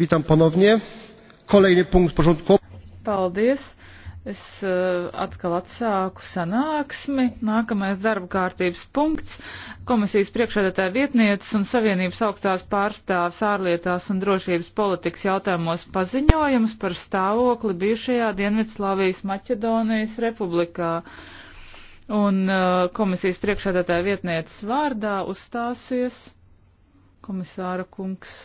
Witam ponownie. Kolejny punkt porządku. Paldies. Es e, atkal atsāku sanāksmi. Nākamais darba kārtības punkts - komisijas priekšādātāja vietnietes un Savienības augstās pārstāvs ārlietās un drošības politikas jautājumos paziņojums par stāvokli bijušajā Dienvidslāvijas Maķedonijas republikā. Un e, komisijas priekšādātāja vietnietes vārdā uzstāsies komisāra kungs.